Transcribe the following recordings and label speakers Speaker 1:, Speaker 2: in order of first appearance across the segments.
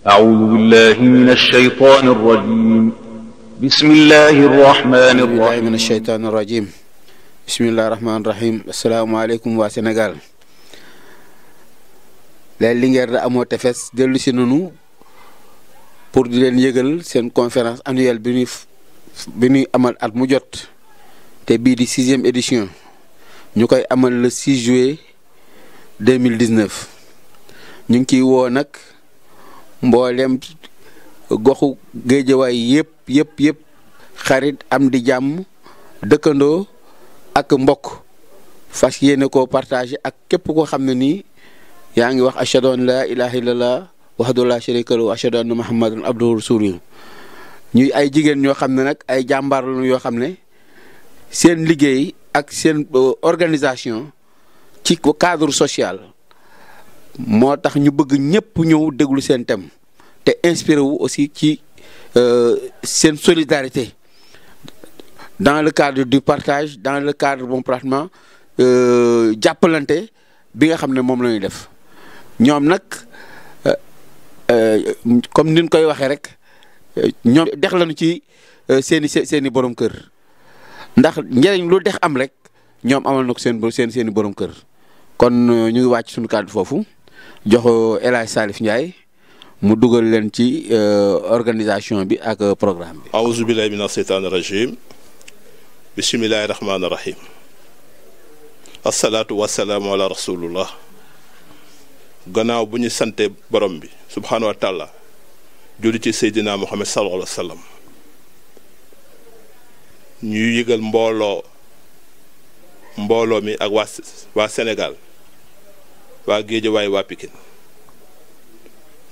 Speaker 1: أعوذ بالله من الشيطان الرجيم بسم الله الرحمن الرحيم من الشيطان الرجيم بسم الله الرحمن الرحيم السلام عليكم waa Sénégal la Linguère da amoo tefes dellu si nanu pour di leen yëgal seen conférence annuelle bi ñuy bi ñuy amal at mu jot te bii di sixième édition ñu koy amal le 6 juillet 2019 ñu ngi ciy woo nag mboolem goxu géejawaay yëpp yëpp yëpp xarit am di jàmm dëkkandoo ak mbokk fas yéene ko partagé ak képp koo xam ne nii yaa ngi wax ashhadu an laa ilaaha illallah wahdahu laa sharika lahu ashhadu anna muhammadan abduhu rasuluhu ñuy ay jigéen ñoo xam ne nag ay jàmbaar lañu yoo xam ne seen liggéey ak seen euh, organisation ci cadre social moo tax ñu bëgg ñëpp ñëw déglu seen thème te inspiré wu aussi ci euh, seen solidarité dans le cadre du partage dans le cadre bon pratiquement euh, jàppalante bi nga xam ne moom la def ñoom nag euh, comme ni ñu koy waxee rek ñoom dex lañu ci seeni i seen borom kër ndax njëriñ lu dex am rek ñoom amal na ko seen seen seen borom kër kon ñuy wàcc suñu kàddu foofu. jox El Hadj Salif mu dugal leen ci euh, organisation bi ak euh, programme
Speaker 2: bi. awuzu billahi mina seytaani rajim bismillahi rahmaani gannaaw bu ñu sante borom bi subxanahu wa taala julli ci seydina muhammad sallallahu alayhi wa ñuy yëgal mbooloo mbooloo mi ak waa senegal waa Géejawaay waa Pikine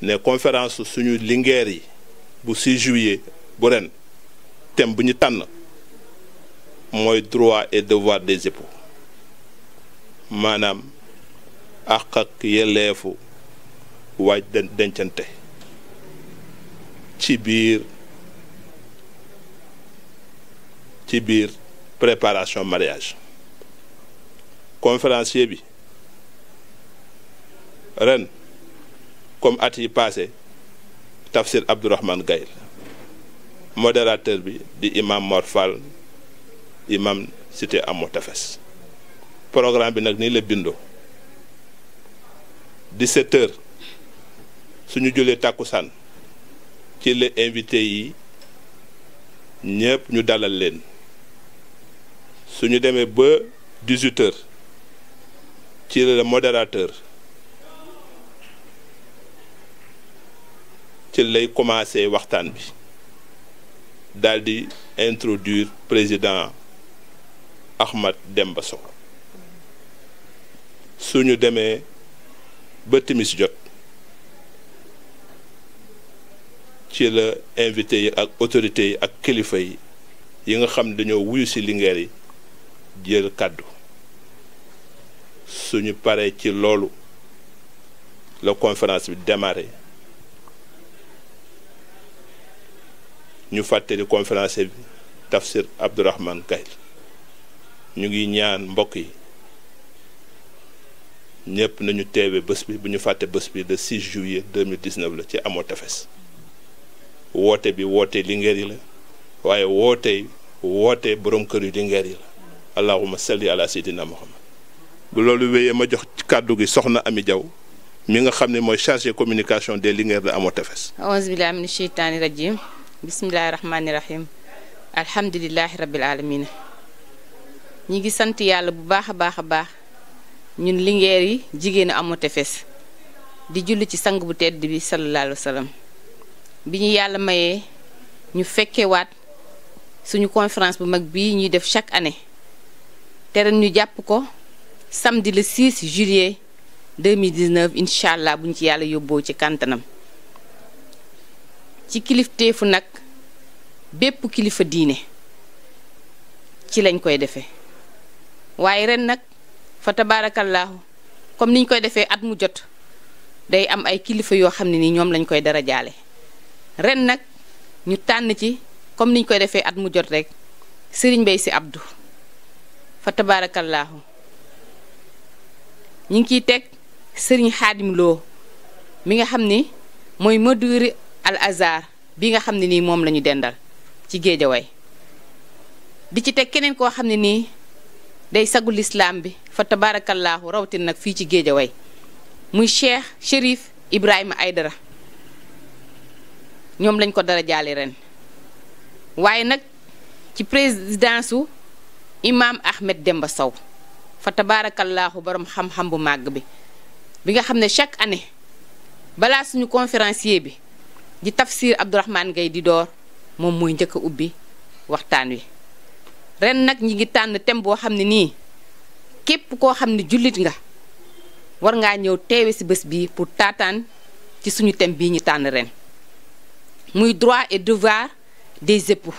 Speaker 2: ne conférence suñu lingeer yi bu si juillet bu ren thème bu ñu tànn mooy droit et devoir des époux maanaam àq ak yelleefu waaj dencante ci biir ci biir préparation mariage conférencier bi ren comme at yi passé Tafsir Abdourahmane Gaye modérateur bi di imam Mor Fall imam cité Hamo Tefess programme bi nag nii la bindoo 17h suñu julee tàkkusaan ci la invité yi ñëpp ñu dalal leen suñu demee ba 18h ci la modérateur ci lay commencé waxtaan bi daldi di introduire président Ahmed Demba Sow suñu demee ba timis jot ci la invité yi ak autorités yi ak kilifa yi yi nga xam dañoo wuyu ci Linguère yi jël kàddu suñu paree ci loolu la conférence bi démarré ñu fàttali conférence bi tafsir Abdourahmane Kayl ñu ngi ñaan mbokk yi ñëpp nañu teewe bés bi bu ñu fàtte bés bi le 6 juillet 2019 la ci amoo tefes woote bi woote Linguère yi la waaye woote woote borom kër yu Linguère yi la allahuma salli ala sayyidina muhammad bu loolu wéyee ma jox kàddu gi soxna Ami Diaw mi nga xam ne mooy chargé communication des Linguère la amoo
Speaker 3: tefes. bisimilahi rahmaani rahim alhamdulilahi rabil alamina ñi ngi sant yàlla bu baax a baax a baax ñun lingeer yi jigéen amu tefes di julli ci sang bu tedd bi sallallahu alayhi bi ñu yàlla mayee ñu fekkewaat suñu conférence bu mag bii ñuy def chaque année te ñu jàpp ko samedi le 6 juillet 2019 incha allah buñ ci yàlla yóbboo ci kàntanam ci kilifteefu nag bépp kilifa diine ci lañ koy defee waaye ren nag fa tabaarakallaahu comme niñ koy defee at mu jot day am ay kilifa yoo xam ne ni ñoom lañ koy dara jaale ren nag ñu tànn ci comme niñ koy defee at mu jot rekk sëriñ bay si Abdou fa tabaarakallaahu ñu ngi ciy teg sëriñ Xaadim mi nga xam ni mooy maduri al azar bi nga xam ne nii moom la dendal ci géejawaay di ci teg keneen koo xam ne nii day sagul lislaam bi fa tabaarakallaahu rawtin nag fii ci géejawaay muy cheikh shérif ibrahima dara ñoom lañ ko dara jaale ren waaye nag ci présidence su imaam ahmed demba sow fa tabaarakallaahu borom xam-xam bu màgg bi bi nga xam ne chaque année balaa suñu conférencier bi ji tafsir Abdourahmane Gaye di door moom mooy njëkk ubbi waxtaan wi ren nag ñi ngi tànn thème boo xam ne nii képp koo xam ne jullit nga war ngaa ñëw teewe ci bés bii pour taataan ci suñu thème bii ñu tànn ren muy droit et devoir des époux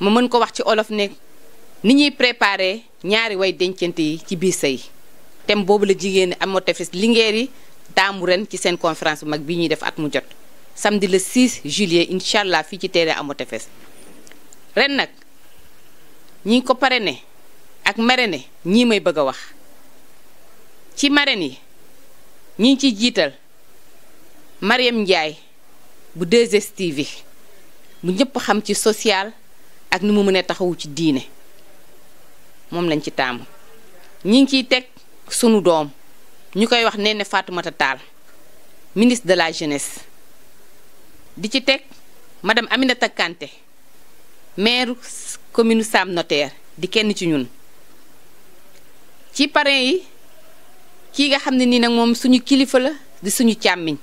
Speaker 3: ma mën ko wax ci olof ne ni ñuy préparer ñaari way dencante yi ci biir sëy tem boobu la jigéen amoo tefes lingeer yi taamu ren ci seen conférence bu mag bii ñuy def at mu jot samedi le 6 juillet incha allah fii ci terrain Hamo tefes ren nag ñi ngi ko ne ak marraine ñii may bëgg a wax ci marraine yi ñi ngi ciy jiital Mariam njaay bu 2 stivi bu ñëpp xam ci social ak ni mu mënee taxawu ci diine moom lañ ci taamu ñi ngi ciy teg sunu doom. ñu koy wax Néné Fatoumata Tall ministre de la jeunesse di ci teg madame Aminata takkante maire commune Sam Notaire di kenn ci ñun ci parrain yi kii nga xam ne nii nag moom suñu kilifa la di suñu càmmiñ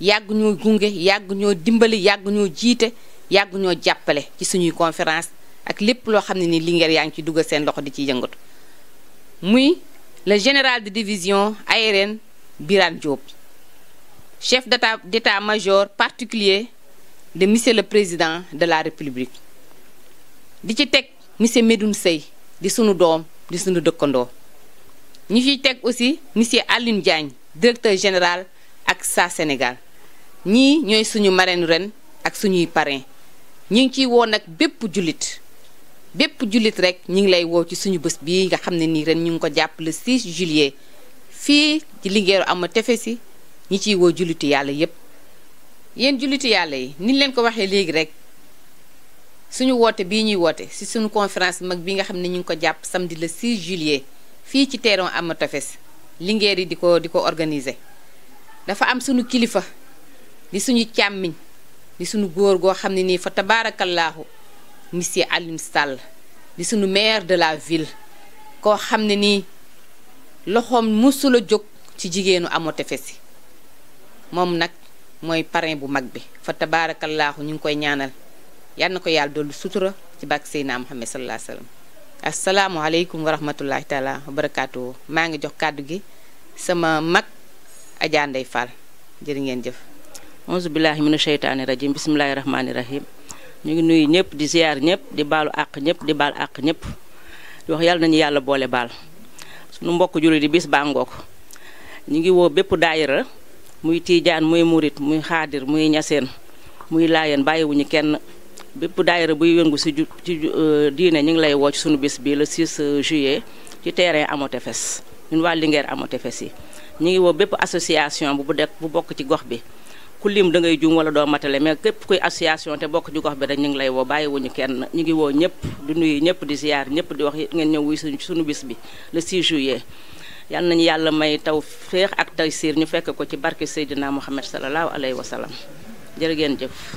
Speaker 3: yàgg ñoo gunge yàgg ñoo dimbali yàgg ñoo jiite yàgg ñoo jàppale ci suñuy conférence ak lépp loo xam ne nii Linguère yaa ngi ci dugal seen loxo di ci yëngatu muy le général de division aérienne Birane Diop chef d'état-major particulier de monsieur le président de la république di ci teg monsieur Medoune sey di sunu doom di sunu dëkkandoo ñu fiy teg aussi monsieur Aline Diagne directeur général ak sa Sénégal ñii ñooy suñu marraine ren ak suñuy parrain ñu ngi ciy woon nag bépp jullit bépp jullit rek ñu ngi lay woo ci suñu bés bii nga xam ne nii ren ñu ngi ko jàpp le 6 juillet fii ci Linguère tefes yi ñi ciy woo julliti yàlla yépp yéen julliti yàlla yi niñ leen ko waxee léegi rek suñu woote bii ñuy woote si suñu conférence mag bi nga xam ne ñu ngi ko jàpp samedi le 6 juillet fii ci teeron ama tefes Linguère yi di ko di ko organiser dafa am suñu kilifa di suñu càmmiñ di suñu góor goo xam ne nii fa tabaarakallaahu monsieur Alioune di sunu maire de la ville koo xam ne nii loxoom mësula jóg ci jigéenu Hamo Téfés yi moom nag mooy parrain bu mag bi fa tabaarakallaahu ñu ngi koy ñaanal yal na ko yàlla dolli sutura ci bàkk Seydina Muhammad sallallahu alayhi wa sallam asalaamualeykum wa barakaatu maa ngi jox kàddu gi sama mag Adja Ndeye Fall jërë ngeen jëf. auzu billahi mina sheytaani rajim bismillahi rahmaani rahim. ñu ngi nuyu ñëpp di ziar ñëpp di baalu àq ñëpp di baal àq ñëpp di wax yàlla nañu yàlla boole baal sunu mbokk jullit di bis bàngook ñu ngi woo bépp daayira muy tiijaan muy murit muy xaadir muy ñaseen muy laayeen bàyyiwuñu kenn bépp daayira buy yëngu si ci euh, diine ñu ngi lay woo ci suñu bis bi le 6 euh, juillet ci tefes ñu ñun waa Linguère tefes yi ñu ngi woo bépp association bu bu bu bokk ci gox bi ku lim da ngay juum wala doo matale mais képp kuy association te bokk ci bi rek ñu ngi lay woo bàyyi wuñu kenn ñu ngi woo ñëpp di nuyu ñëpp di ziar ñëpp di wax ngeen ñëw wuy suñu suñu bis bi le 6 juillet yal nañu yàlla may taw féex ak taysiir ñu fekk ko ci barke Seydina Muhammad sallallahu alayhi wa sallam jërë jëf